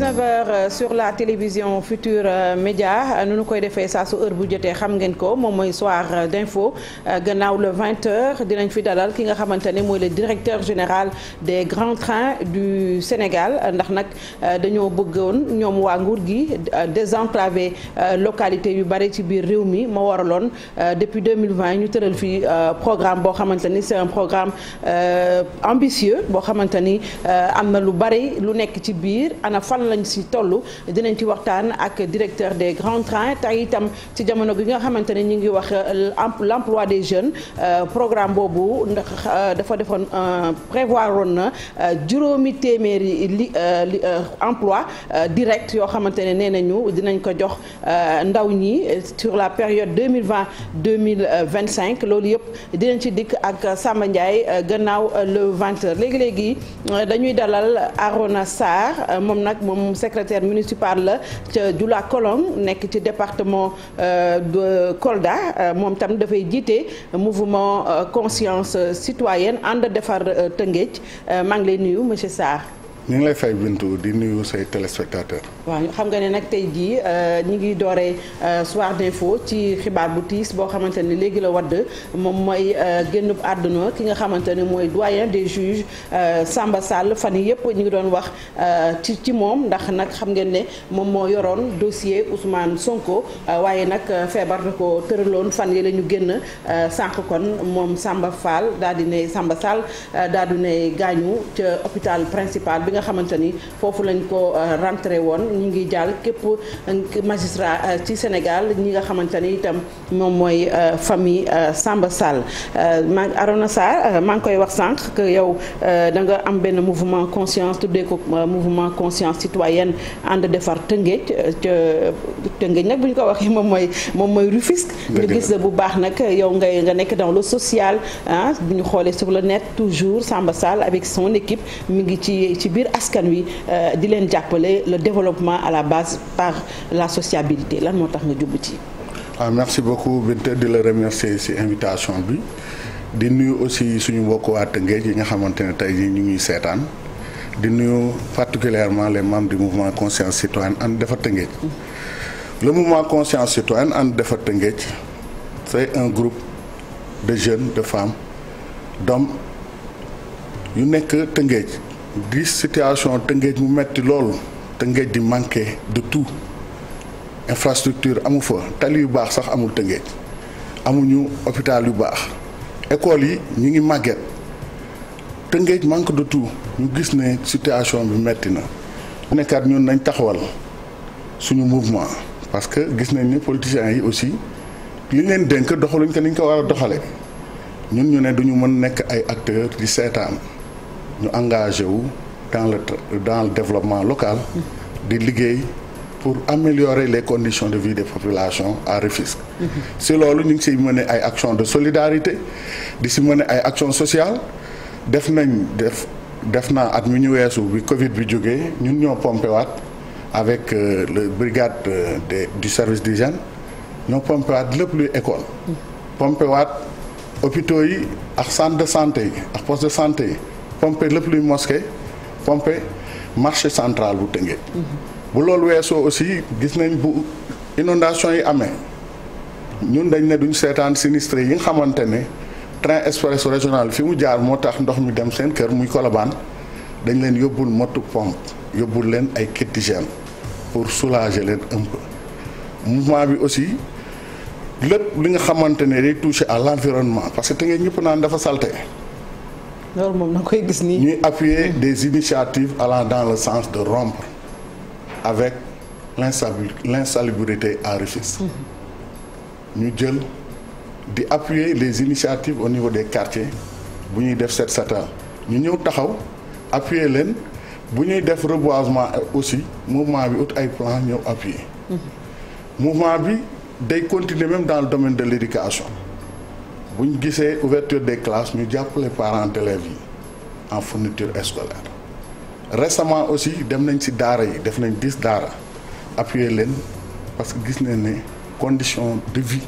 19h euh, sur la télévision future euh, Média euh, nu nu koy defee saa su heure bu jotee xam ngeen ko moom mooy soir d'info gannaaw le 20h dinañ fi dalal ki nga xamante ne mooy le directeur général des grands trains du Sénégal ndax nag dañoo bëggoon ñoom waa nguur gi désenclaver localité yu bari ci biir réew mi ma waraloon depuis 2020 ñu tëral fi programme boo xamante ni c'est un programme ambitieux boo xamante ni am na lu bari lu nekk ci biir ana fan lañ si toll dinañ ci waxtaan ak directeur des grands trains tey itam ci jamono bi nga xamante ne ñu ngi wax euh, l'emploi des jeunes euh, programme boobu ndax euh, dafa defoon prévoir woon na juróomi téeméeri li emploi direct yoo xamante ne nee nañu dinañ ko jox ndaw ñi sur la période 2020 2025 loolu yëpp dinañ ci dikk ak Samba Ndiaye gannaaw le 20h léegi-léegi dañuy dalal Arona moom nag moom secretaire secrétaire municipal la ca jula Kolom nekk ci département euh, de Kolda euh, moom tam dafay jiite mouvement euh, conscience citoyenne ànd defar Tëngéej maa ngi lay nuyu monsieur Sarr. ñu ngi lay fay Bintu di nuyu say téléspectateurs. waaw xam nga ne nag tey jii euh, ñu ngi dooree euh, soir d'info ci xibaar bu tiis boo xamante ni léegi la wadd moom mooy euh, génn àdduna ki nga xamante ne mooy doyen des juges Samba Sall fan yii yëpp ñu ngi doon wax ci ci moom ndax nag xam nga ne moom moo yoroon dossier Ousmane Sonko waaye nag feebar na ko tëraloon fan yi la ñu génn sànq kon moom Samba Fall daal di ne Samba Sall daal di ne gaañu ca hôpital principal. bi nga xamante ni foofu lañu ko euh, rentré woon ñu ngi jàll képp euh, magistrat euh, ci Sénégal ñi nga xamante ni itam moom mooy famille Samba Sall ma Arona Sarr maa ngi koy wax sànq que yow da nga am benn mouvement conscience tuddee ko mouvement conscience citoyenne ànd defar Tëngéej Tëngéej nag bu ñu ko waxee moom mooy moom mooy Rufisque gis bu baax nag yow ngay nga nekk dans le social ah bu ñu xoolee sur le net toujours Samba Sall avec son équipe mi ngi ci ci biir biir askan wi euh, di leen jàppale le développement à la base par la sociabilité lan moo tax nga jubbu ci. waaw ah, merci beaucoup Binta di la remercier ci invitation bi di nuyu aussi suñu mbokk waa Tëngéej yi nga xamante ne tey jii ñu ngi seetaan di nuyu particulièrement les membres di mouvement conscience citoyenne ànd defar Tëngéej. le mouvement conscience citoyenne ànd defar Tëngéej c'est un groupe de jeunes de femmes d'hommes yu nekk Tëngéej. gis situation Tëngéej mu metti loolu Tëngéej di manqué de tout infrastructure amu fa tali yu baax sax amul Tëngéej amuñu hôpital yu baax école yi ñu ngi màgget Tëngéej manque de tout ñu gis ne situation bi metti na bu nekkaat ñun nañ taxawal suñu mouvement parce que gis nañ ni politiciens yi aussi li leen dénk doxaluñ ko ni ñu ko war a doxale ñun ñu ne duñu mën nekk ay acteurs di seetaan ñu engagé wu dans le dans le développement local di liggéey pour améliorer les conditions de vie des populations à Rufisque mhm. si loolu ñu ngi siy mëne ay actions de solidarité di si mëne ay actions sociale def nañ def def naa ak mi ñu weesu bi Covid bi jógee ñun ñoo pompé waat avec euh, le brigade euh, du service d'hygiène ñoo pompé waat lépp luy école mhm. pompé waat hôpitaux yi ak centre de santé yi ak poste de santé yi pomper lépp luy mosquée pompe marché centrale bu Tëngéej. Mhm. bu loolu weesoo aussi gis nañ bu inondation yi amee ñun dañ ne duñ seetaan sinistre yi nga xamante ne train express régional fi mu jaar moo tax ndox mi dem seen kër muy kolobaan dañ leen yóbbul motu pompe yóbbul leen ay kit d'hygiène pour soulager leen un peu bi aussi lépp li nga xamante ne day toucher à l'environnement parce que te ngeen ñëpp naan dafa salté loolu moom na koy gis nii. ñuy appuyer des initiatives allant dans le sens de rompre avec l'insalubrité à Rufisque. ñu jël di appuyer les initiatives au niveau des quartiers bu ñuy def set setal ñu ñëw taxaw appuyer leen bu ñuy def reboisement aussi mouvement bi ut ay plan ñëw appuyer. Mm-hmm. mouvement bi day continuer même dans le domaine de l'éducation bu ñu gisee ouverture des classes ñu jàppale parents d'élèves yi en fourniture scolaire récemment aussi dem nañ si daara yi def nañ dix daara appuyer leen parce que gis nañ ne condition de vie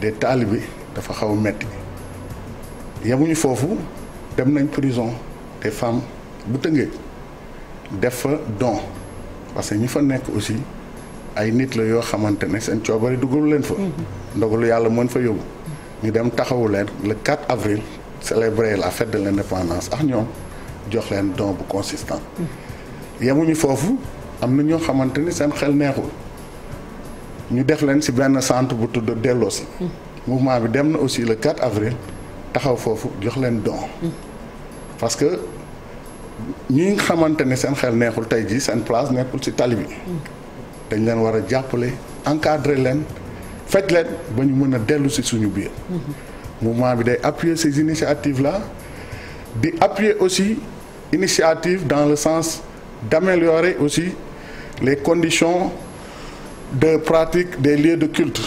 des talibés dafa xaw a metti yemuñu foofu dem nañ prison des femmes bu tëngee def fa don parce que ñu fa nekk aussi ay nit la yoo xamante ne seen coobari dugalu leen fa. Mm-hmm. ndogalu yàlla mën fa yóbbu. ñu dem taxawu leen le 4 avril célébrer la fête de l' indépendance ak ñoom jox leen don bu consistant yemuñu foofu am na ñoo xamante ni seen xel neexul ñu def leen ci benn centre bu tudd delloosi ma bi dem na aussi le 4 avril taxaw foofu jox leen don parce que ñi xamante ne seen xel neexul tey jii seen place nekkul ci tali bi dañ leen war a jàppale encadrer leen faj leen ba ñu mën a dellu si suñu biir. Mm-hmm. mouvement bi day appuyer ces initiatives là di appuyer aussi initiative dans le sens d'améliorer aussi les conditions de pratique des lieux de culte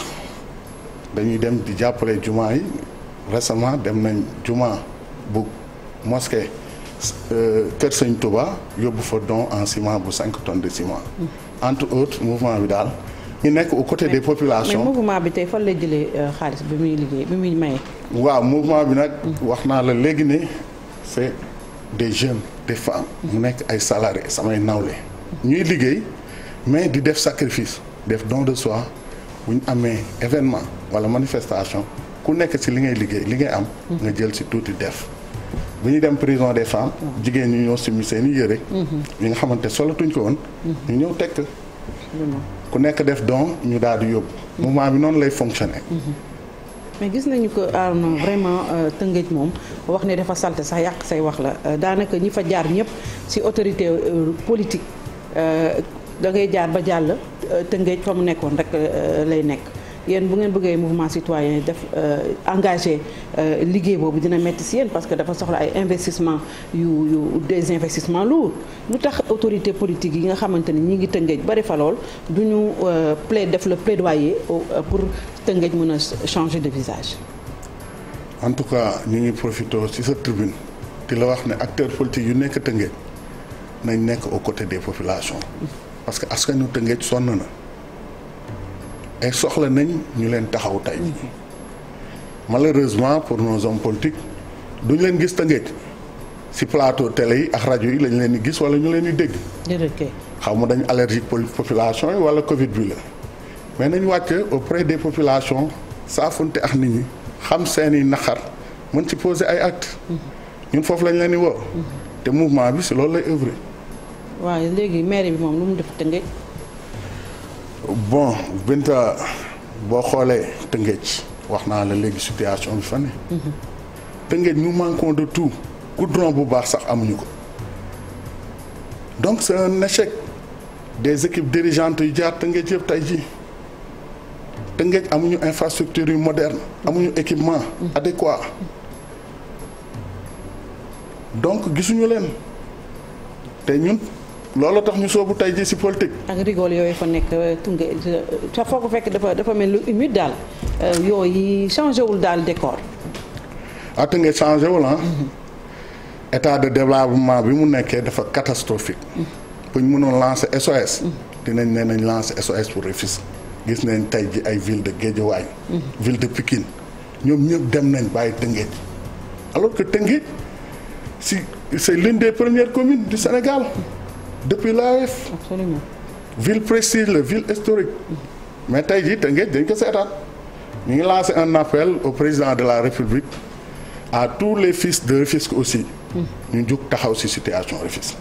dañuy dem di jàppale juma yi récemment dem nañ juma bu mosquée euh, Kër Sëñ Touba yóbbu fa don en ciment bu cinq tonnes de ciment mm-hmm. entre autres mouvement bi daal ñu nekk au côté des populations. mouvement bi tey fan la jëlee euh, xaalis bi muy liggéey bi muy maye. waaw mouvement bi nag. Mm. wax naa la léegi ne c'est des jeunes des femmes. Mm. mu nekk ay salariés samay nawle. ñuy liggéey mais di def sacrifice def don de soi bu ñu amee événement wala manifestation ku nekk ci li ngay liggéey li ngay am. Mm. nga jël ci tuuti def. bu ñu dem prison des femmes. jigéen ñi ñoo summi seen i yére. Mm-hmm. nga xamante solatuñ ko woon. Mm-hmm. ñu ñëw tekk mm-hmm. ku nekk def don ñu daal di yóbbu. mouvement bi noonu lay fonctionner. mais gis nañu ko Arona ah vraiment euh, Tëngéej moom wax ne dafa salte sax yàq say wax la euh, daanaka ñi fa jaar ñëpp ci autorité euh, politique da ngay jaar ba jàll Tëngéej fa mu nekkoon rek lay nekk. yéen bu ngeen bëggee mouvement citoyen def euh, engagé euh, liggéey boobu dina métti si yéen parce que dafa soxla ay investissement yu yu des investissements lourds lu tax autorité politique yi nga xamante ni ñi ngi tëngeej bari fa lool du ñu euh, plaid def le plaidoyer pour tëngeej mën a changer de visage en tout cas ñu ngi profité ci sa tribune di la wax ne acteur politiques yu nekk tëngeej nañ nekk aux côtés des populations mm. parce que askanu tëngeej sonn na et soxla nañ ñu leen taxaw tey malheureusement pour nos hommes politiques duñ leen gis tëngéej ci plateau télé yi ak rajo yi lañ leen di gis wala ñu leen di dégg. xaw ma dañ allergique population yi wala Covid bi la mais nañ au auprès des populations saafunte ak nit ñi xam seeni naxar mën ci poser ay actes. Mm-hmm. ñun foofu lañ leen di woo. Mm-hmm. te mouvement bi ci loolu lay œuvrer. waaw léegi maire bi moom lu mu def tëngéej bon Binta boo xoolee Tëngéej wax naa la léegi situation bi fa ne. Mhm. Tëngéej nous manquons de tout. goudron bu baax sax amuñu ko donc c'est un des équipes dirigeantes yu jaar Tëngéej yëpp tey jii Tëngéej amuñu infrastructure yu moderne amuñu équipement mhm. adéquat donc gisuñu leen te ñun. loolu tax ñu soobu tey ji si politique. ak rigole yooyu fa nekk euh, tunge sa euh, foo ko fekk dafa dafa mel lu humide daal euh, yooyu changé wul daal décor. ah tunge changé wul ah. état de développement bi mu nekkee dafa catastrophique. Mm-hmm. bu ñu mënoon lancer SOS. Mm-hmm. dinañ ne nañ lancer SOS pour Rufisque. gis nañ tey ji ay ville de Guédiawaye. Mm-hmm. ville de Pikine ñoom ñëpp dem nañ bàyyi Tëngéej alors que Tëngéej si c'est l'une des premières du Sénégal. depuis l'AF absolument ville prestige la ville historique mais tey jii Tëngéej dañ ko seetaan ñu ngi lancé un appel au président de la République à tous les fils de Rufisque aussi ñu jug taxaw ci situation Rufisque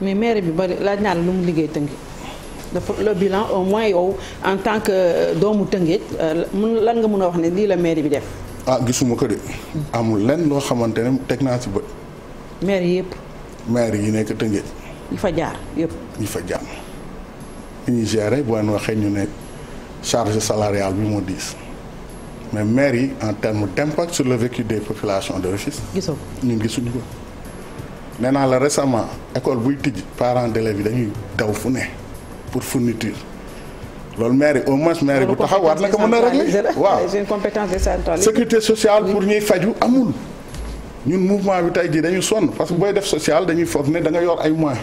mais maire bi bari laaj naa la lu mu liggéey Tëngéej dafa le bilan au moins yow en tant que euh, doomu Tëngéej euh, lan nga mun a wax ne lii la maire bi def ah gisuma ko de amul lenn loo xamante ne teg naa si bët maire yëpp maire yi nekk Tëngéej ñi fa jaar yëpp. ñi fa jaar ñi ñuy gérer boo leen waxee ñu ne charge salariale bi moo diis mais maire yi en terme d' impact sur le vécu de populations de Rufisque. gisoo ñun gisuñu ko. nee naa la récemment école buy tijj parents d'élèves bi dañuy taw fu ne pour fourniture loolu maire au moins maire bu taxaw war na ko mën a régler waaw sécurité sociale pour ñuy faju amul. ñun mouvement bi tey jii dañu sonn parce que booy def social dañuy foog ne da nga yor ay moyens.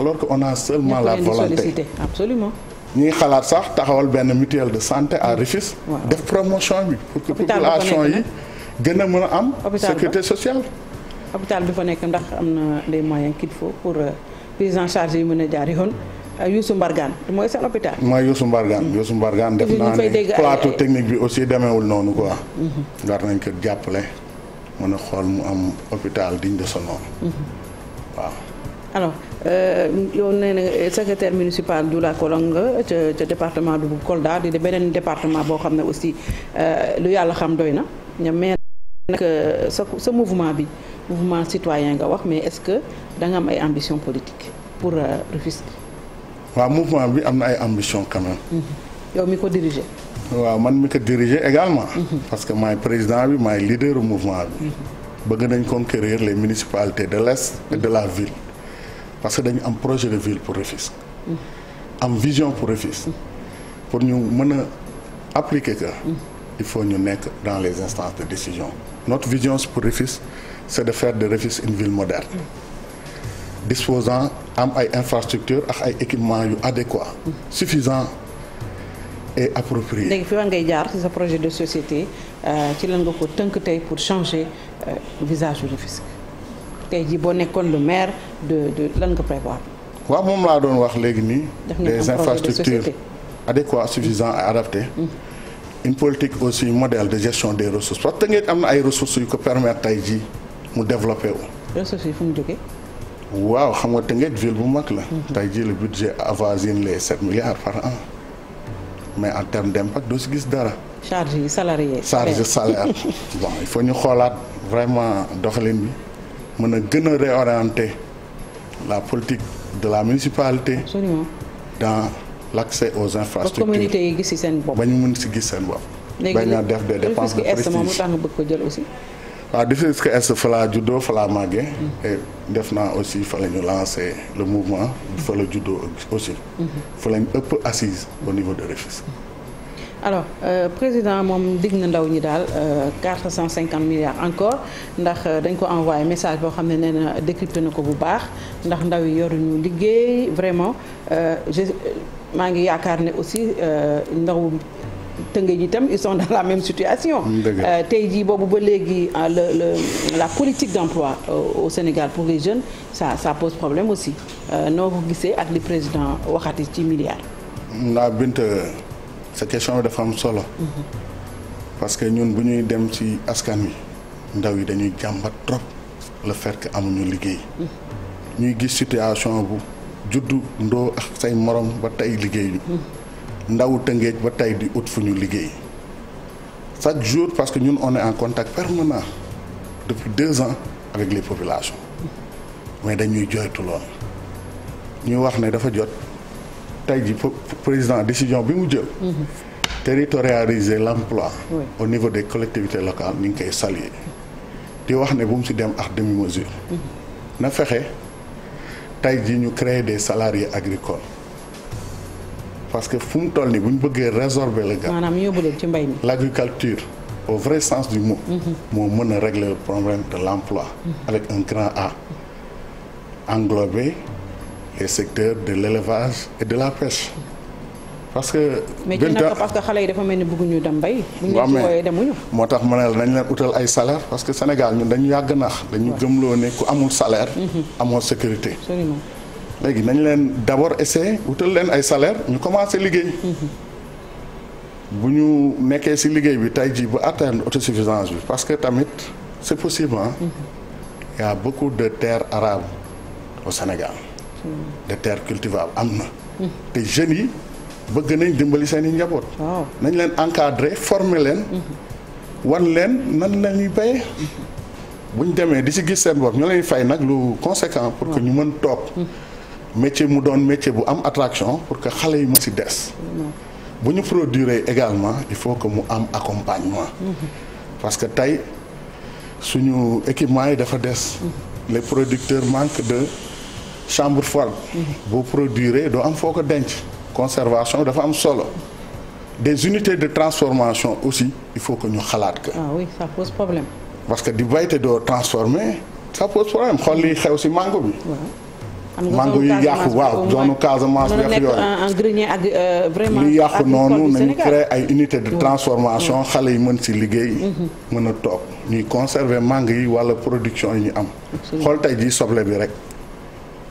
alors que on a seulement la volonté. absolument ñu ngi xalaat sax taxawal benn mutuel de santé à Rufisque. def promotion bi. pour que population yi gën a mën a am. sécurité sociale. hôpital bi nekk ndax am na les moyen qu'il faut pour euh, prise en charge yi mën a jaar yoon euh, Youssou Mbargane mooy seen hôpital. mooy Youssou Mbargane. Mm-hmm. Youssou Mbargane def naa ne plateau technique bi aussi demeewul noonu quoi. Mm-hmm. war nañ ko jàppale. mën a xool mu am hôpital digne de son nom. Mm-hmm. waaw. alors euh, yow nee na euh, secretaire municipal Dioula Kolong nga ca ca département bu Kolda di de beneen département boo xam ne aussi euh, lu yàlla xam doy na ña mais sa sa mouvement bi mouvement citoyen nga wax mais est-ce que da am ay ambition politique pour Rufisque. waaw mouvement bi am na ay ambition quand mm-hmm. yow mi ko diriger. waaw man mi ko diriger également. parce que maay président bi maay leader mouvement bi. bëgg nañ conquérir les municipalités de l'est de la ville parce que dañu am projet de ville pour Rufisque. am vision pour Rufisque. pour ñu mën a appliquer que. il faut ñu nekk dans les instances de décision notre vision pour Rufisque c'est de fair de Rufisque une ville moderne. disposant am ay infrastructures ak ay équipements yu adéquats suffisant et appropriée. léegi fi ngay jaar ci sa projet de société euh, ci lan nga ko tënk tey pour changer euh, visage du fisc tey jii boo nekkoon le maire de de lan nga prévoir. waaw moom laa doon wax léegi nii. des infrastructures de adéquates suffisantes et adaptées. Mm. une politique aussi modèle de gestion des ressources parce que Tëngéej am na ay ressources yu ko permettre tey ji mu développé wu. ressources yi fu mu jógee. waaw xam nga Tëngéej ville bu mag la. Mm-hmm. tey jii le budget avoisine les mais en terme d' impact doo si gis dara. charge yi salarié. charge salaire bon il ñu xoolaat vraiment doxalin bi mën a gën a réorienter la politique de la municipalité. Absolument. dans l' accès aux infrastructures ba ñu mën si gis seen bopp. léegi bañ def des dépenses de prestige. est ce moom ko jël aussi. waaw Rufisque Est fa laa juddoo fa laa màggee. Mm-hmm. def naa aussi fa la ñu lancé le mouvement. Mm-hmm. fa la juddoo aussi. Mm-hmm. fa ëpp assise au niveau de Rufisque. alors euh, président moom digg na ndaw ñi daal euh, quatre cent cinquante milliards encore ndax euh, dañ ko envoyé message boo xam ne nee na décrypté na ko bu baax ndax ndaw yi yoruñu liggéey vraiment je maa ngi yaakaar ne aussi ndaw. Tëngéej itam ils sont dans la même situation. Euh, tey jii boobu ba léegi euh, le le la politique d'emploi euh, au Sénégal pour les jeunes ça ça pose problème aussi noo ko gisee ak li président waxati ci milliards. ndaa Bint sa question bi dafa am solo. Mm-hmm. parce que ñun bu ñuy dem ci askan wi ndaw yi dañuy jàmbat trop le ferk que amuñu liggéey. Mm-hmm. ñuy gis situation bu juddu ndoo ak say morom ba tey liggéey ñu mm-hmm. ndawu Tëngéej ba tey di ut fu ñu liggéey chaque jour parce que ñun on est en contact permanent depuis deux ans avec les populations mais dañuy joytu ñuy wax ne dafa jot tey ji président décision bi mu jël mm-hmm. territorialiser l'emploi au niveau des collectivité locale ñu ngi koy saluer di wax ne bu mu si dem ak demi mesure mm-hmm. na fexe tey ji ñu créer des salariés agricoles parce que fu mu toll nii bu ñu bëggee résorber la gap. maanaam yóbbu leen ci mbay mi. l' agriculture au vrai sens du mot. Mm-hmm. moo mën a régler le problème de l' emploi. Mm-hmm. avec un grand A. englober les secteurs de l' élevage et de la pêche. parce que. mais ci xale yi dafa mel ni bëgguñu dem mbay. bu ñu moo tax ma ne la dañ leen utal ay salaire parce que Sénégal ñun dañu yàgg naax dañu gëmloo ne ku amul salaire. Mm-hmm. amoo sécurité. léegi nañ leen d'abord essayer wutal leen ay salaire ñu commencé liggéey. bu ñu nekkee ci liggéey bi tey jii bu atteindre autosuffisance bi parce que tamit c'est possible ah. y a beaucoup de terres arables au Sénégal. de terres cultivables am na. te jeunes yi bëgg nañ dimbali seen i njaboot. nañ leen encadrer former leen. wan leen nan leen ñuy béyee. Mm-hmm. demee di ci gis seen bopp ñu leen fay nag lu conséquent pour que ñu mën toog. métier mu doon métier bu am attraction pour que xale yi mën si des mm-hmm. bu ñu produire également il faut que mu am accompagnement mm-hmm. parce que tey suñu équipement yi dafa des mm-hmm. les producteurs manque de chambre froide boo produire doo am foo ko denc conservation dafa am solo des unités de transformation aussi il faut que ñu xalaat que ah parce que di bayte doo transformer ça pose problème xool li xew si mango bi mango yu yàqu waaw zone Casamance bi ak yooyu euh, li yàqu noonu nañu créé ay unité de mmh. transformation mmh. xale yi mën si liggéey mmh. mën a toog ñuy conserver mango yi wala production yi ñu am xool tey jii soble bi rek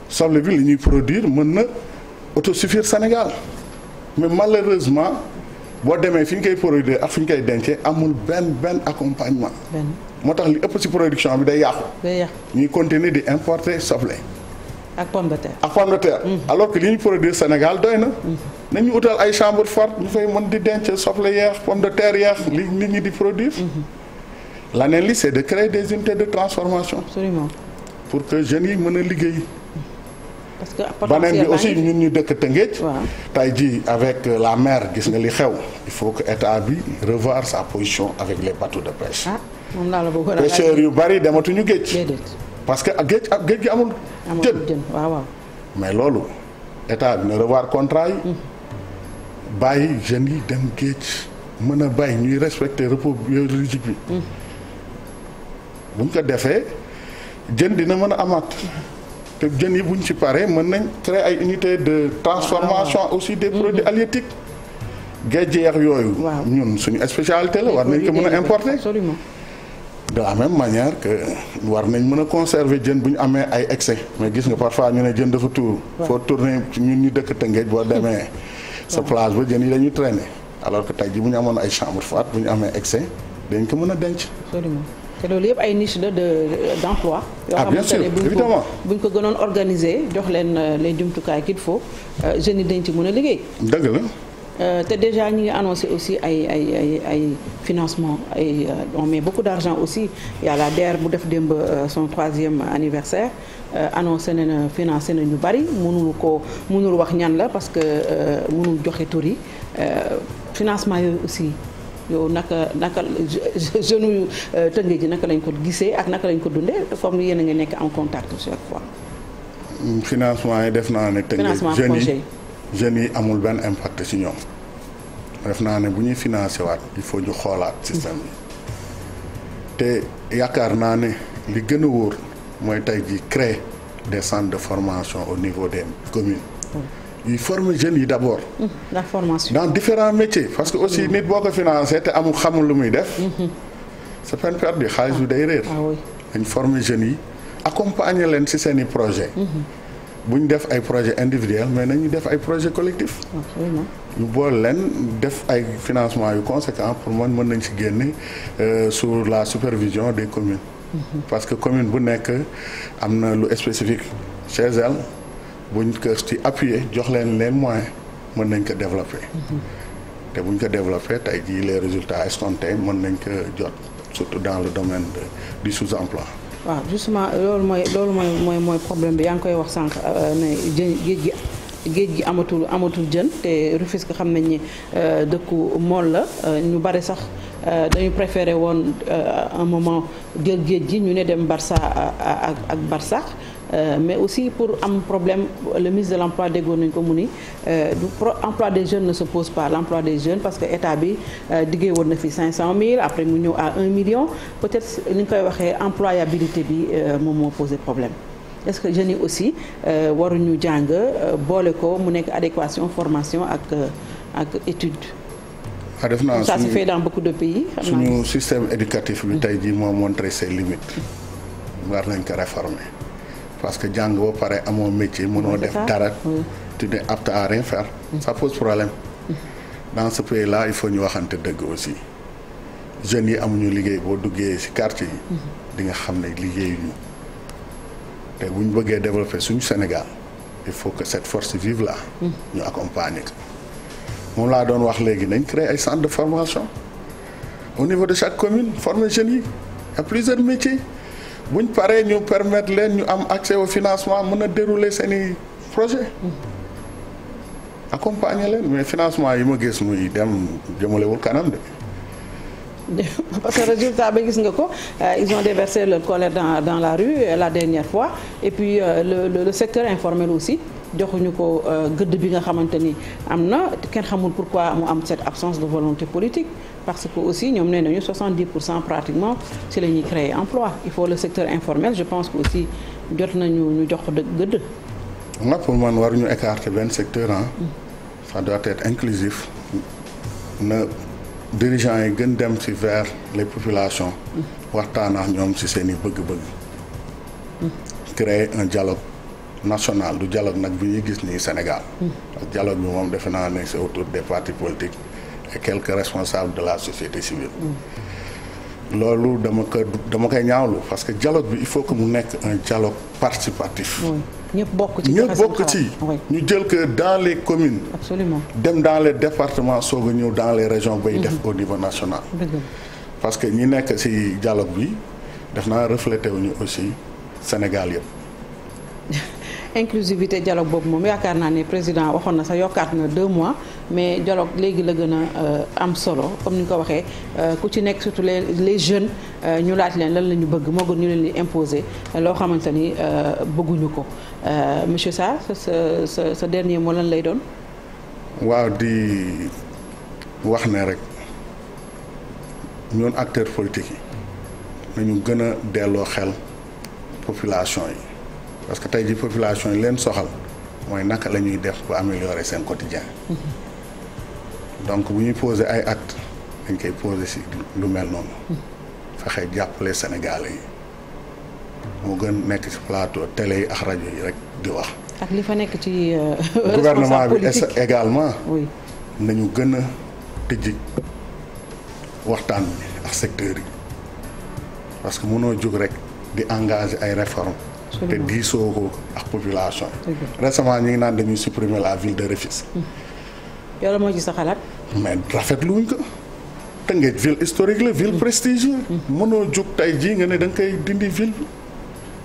soble bi li ñuy produire mën na autosuffire Sénégal mais malheureusement boo demee fi ñu koy produire ak fi ñu koy dencee amul benn benn accompagnement moo tax li ëpp si production bi day yàqu ñuy continuer di importer soble ak pomme de terre ak pomme mhm. li ñu produire Sénégal doy na. Mhm. ñu utal ay chambre fort ñu fay mën di denc soble yeex pomme de terre yeex li nit ñi di mhm. la leneen li c'est de créer des unités de transformation. absolument pour que jeunes yi mën a liggéey. parce que beneen bi aussi ñun ñu dëkk Tëngéej. tay ji avec euh, la mer gis nga li xew. il faut que état bi revoir sa position avec les bateaux de pêche. ah moom laa la bëggoon yu bari dematuñu géej. parce que géej géej gi amul. jën waaw waaw mais loolu état bi na revoir contrat yi. Hmm. bàyyi jeunes yi dem géej mën a bàyyi ñuy respecter repos biologique bi. Euh, hmm. buñ ko defee jën dina mën a amaat. te jën yi buñ ci pare mën nañ créer ay unité de transformation aussi des hmm. produits halieutiques. géej yeex yooyu. ñun suñu espécialité la war nañ ko mën a importer. de la même manière que war nañ mën a conserver jën bu ñu amee ay excès mais gis nga parfois ñu ne jën dafa tuur foo tourner ñun ñu dëkk Tëngéej boo demee sa plage ba jën yi dañuy trainer alors que tey ji bu ñu amoon ay chambre froide bu ñu amee excès dañ ko mën a denc te loolu yëpp ay niche la de d'emploi yoo ah, xamante ne buñ ko buñ ko gënoon organiser jox leen euh, les jumtukaay qu'il faut euh, jeunes yi dañ ci mën a liggéey dëgg la Euh, te déjà ñu ngi annoncé aussi ay ay ay ay financement ay euh, on met beaucoup d'argent aussi y a bu def démb euh, son troisième anniversaire annoncé na financé na ñu bari mënul ko mënul wax ñan la parce que mënul joxe tur yi financement yooyu aussi yow naka naka jeune yu tënge ji naka lañ ko gisee ak naka lañ ko dundee comme yéen a nekk en contact chaque fois. financement yi def naa ne. tënge jeunes yi jeunes yi amul benn impact ci ñoom def naa ne bu ñuy financé waat il faut ñu xoolaat système bi te yaakaar naa ne li gën a wóor mooy tey jii créer des centres de formation au niveau des communes. yuy forme jeunes yi d' abord. la formation dans différents métiers. parce que aussi nit boo ko financé te amul xamul lu muy def. c' est peine perdue xaalis bu ah. day réer. Ah dañ former jeunes yi accompagner leen ci seeni projet bu ñu def ay projet individuel mais nañu def ay projet collectif ñu boole leen def ay financement yu conséquent pour man mën nañ ci génne euh, sur la supervision des communes mhm. parce que commune bu nekk am na lu spécifique chez elle buñ ko ci appuyer jox leen les moyens mën nañ ko développer mhm. te buñ ko développer tey jii les résultats escomptés mën nañ ko jot surtout dans le domaine du sous-emploi waaw justement loolu mooy loolu mooy mooy mooy problème bi yaa ngi koy wax sànq euh, ne géej gi géej gi amatul amatul jën te Rufisque xam nañu ni euh, dëkku mool la euh, ñu bari sax dañu préféré woon un moment jël géej gi ñu ne dem barsa ak ak Barsax Euh, mais aussi pour am problème le ministre de l' emploi déggoon nañu ko mu ni euh, du emploi des jeunes ne se pose pas l' emploi des jeunes parce que état bi euh, diggee woon na fi 500000 après mu ñëw à 1 million peut-être li ñu koy waxee employabilité bi moom moo posé problème. est-ce que jeunes yi aussi waruñu jàng boole ko mu nekk adéquation formation ak ak étude. ah def naa ça de pays. suñu système éducatif bi tey jii moo montré ses limites war nañ ko réformer. parce que jàng ba pare amoo métier mënoo def dara tu n'es apte à rien faire ça pose problème dans ce pays là il faut ñu waxante dëgg aussi jeunes yi amuñu liggéey boo duggee ci quartier yi di nga xam ne liggéeyuñu te bu bëggee développer suñu Sénégal il faut que cette force vive là ñu accompagner ko moom laa doon wax léegi nañ créer ay centre de formation au niveau de chaque commune former jeunes yi à plusieurs métiers bu buñ paree ñu permettre leen ñu am accès au financement mën a dérouler seeni projet accompagner leen mais financement yi ma gis muy dem jëmalewul kanam de. parce que résultat ba gis nga ko euh, ils ont déversé leur colère dans dans la rue euh, la dernière fois et puis euh, le le, le secteur informel aussi. joxuñu ko euh, gëdd bi nga xamante ni am na kenn xamul pourquoi mu am cette absence de volonté politique parce que aussi ñoom nee nañu 70 pour cent pratiquement ci la ñuy créer emploi il faut le secteur informel je pense que aussi jot nañu ñu jox ko gëdd. xam nga pour man waruñu écarter benn secteur ah. ça doit être inclusif yi gën dem ci vers les populations. Mm. waxtaan ak ñoom ci seeni bëgg-bëgg. Mm. créer un dialogue. national du dialogue nag bi ñuy gis nii Sénégal. ak dialogue bi moom defe naa ne c'est autour des partis politiques et quelques responsables de la société civile. loolu dama ko dama koy ñaawlu parce que dialogue bi il faut que mu nekk un dialogue participatif. ñëpp bokk ci ñëpp bokk ci. ñu jël que dans les communes. dem daale les départements soog ñëw dans les régions. bay def mhm. au niveau national. parce que ñi nekk ci dialogue bi def naa reflété wuñu aussi Sénégal yëpp. inclusivité dialogue boobu moom yaakaar naa ne président waxoon na sa yokkaat na deux mois mais dialogue léegi la gën a euh, am solo comme ni ñu ko waxee euh, ku ci nekk surtout les les jeunes euh, ñu laaj leen lan la ñu bëgg moo gën ñu leen di imposer loo xamante ni bëgguñu ko monsieur Sarr sa sa dernier mot lan lay doon. waaw di wax ne rek ñoon acteurs politiques yi nañu gën a delloo xel population yi. parce que tey ji population yi leen soxal mooy naka la ñuy def ba améliorer seen quotidien donc bu ñuy poser ay acte dañ koy poser si lu mel noonu fexe jàppale sénégalais yi moo gën nekk ci plateau télé yi ak rajo yi rek di wax. ak li fa nekk ci euh, gouvernement bi également. nañu gën a tijji waxtaan bi ak secteur yi parce que mënoo jóg rek di engager ay réformes. te diisoo ko ak population récemment ñu ngi naan dañuy supprimer la ville de Rufisque hmm. yow la moo ci sa xalaat mais lu wuñ ko Tëngéej ville historique la ville hmm. prestigieuse hmm. mënoo jug tey jii nga ne da koy dindi ville bi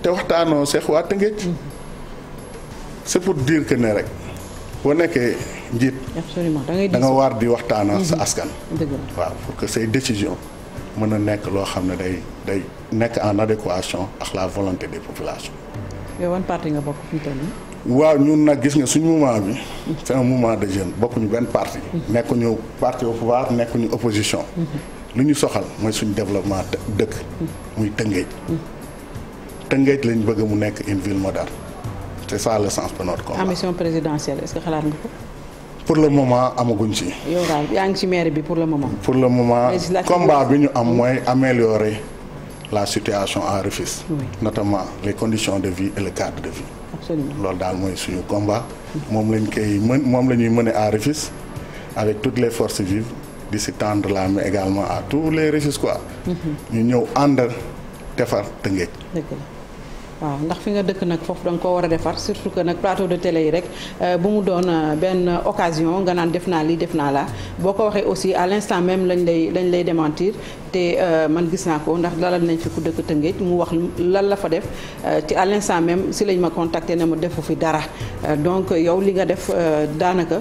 te waxtaanoo seex waa Tëngéej c'est pour diir que ne rek boo nekkee njiit da nga war di waxtaan ak sa askan waaw pour que say décision mën a nekk loo xam ne day day nekk en adéquation ak la volonté des populations. yow wan parti nga bokk fii tamit. waaw ñun nag gis nga suñu mouvement bi. Mm-hmm. c'est un mouvement de jeunes bokkuñu benn parti. Mm-hmm. nekkuñu parti au pouvoir nekkuñu opposition. Mm-hmm. lu ñu soxal mooy suñ développement dëkk. muy Tëngéej. Tëngéej lañ bëgg mu nekk une ville moderne. c'est ça le sens de notre combat. présidentielle est que xalaat nga ko. pour le moment amaguñ si yow yaa ngi ci maire bi pour le moment. pour le moment combat bi ñu am mooy améliorer la situation à Rufisque. Oui. notamment les conditions de vie et le cadre de vie. absolument loolu daal mooy suñu combat. moom lañ koy mën moom la ñuy mën à Rufisque avec toutes les forces vives di ci tendre la main également à tout les Rufisquois. Mhm. ñu ñëw ànd defar Tëngéej. waaw ndax fi nga dëkk nag foofu da nga ko war a defar surtout que nag plateau de télé yi rek euh, bu mu doon euh, benn occasion nga naan def naa lii def naa laa boo ko waxee aussi à l'instant même lañ lay lañ lay démentir te euh, man gis naa ko ndax dalal nañ fi ku dëkk Tëngéej mu wax lan la fa def euh, ci à l'instant même si lañ ma contacté ne ma defu fi dara euh, donc yow li nga def daanaka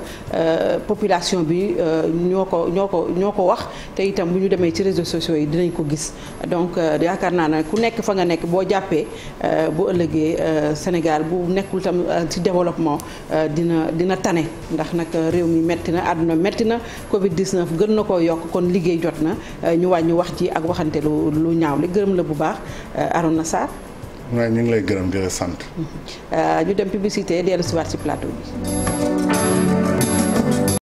population bi ñoo ko ñoo ko ñoo ko wax te itam bu ñu demee ci réseau sociaux yi dinañ ko gis donc yaakaar naa ne ku nekk fa nga nekk boo jàppee bu ëllëgee Sénégal bu nekkul tam ci développement dina dina tane ndax nag réew mi metti na àdduna metti na Covid 19 gën na koo yokk kon liggéey jot na wax ji ak waxante lu lu ñaaw li gërëm la bu baax euh, Arona Sarr. waaw ñu ngi lay gërëm di la sant. Euh, ñu dem publicité dellu si waat ci plateau bi.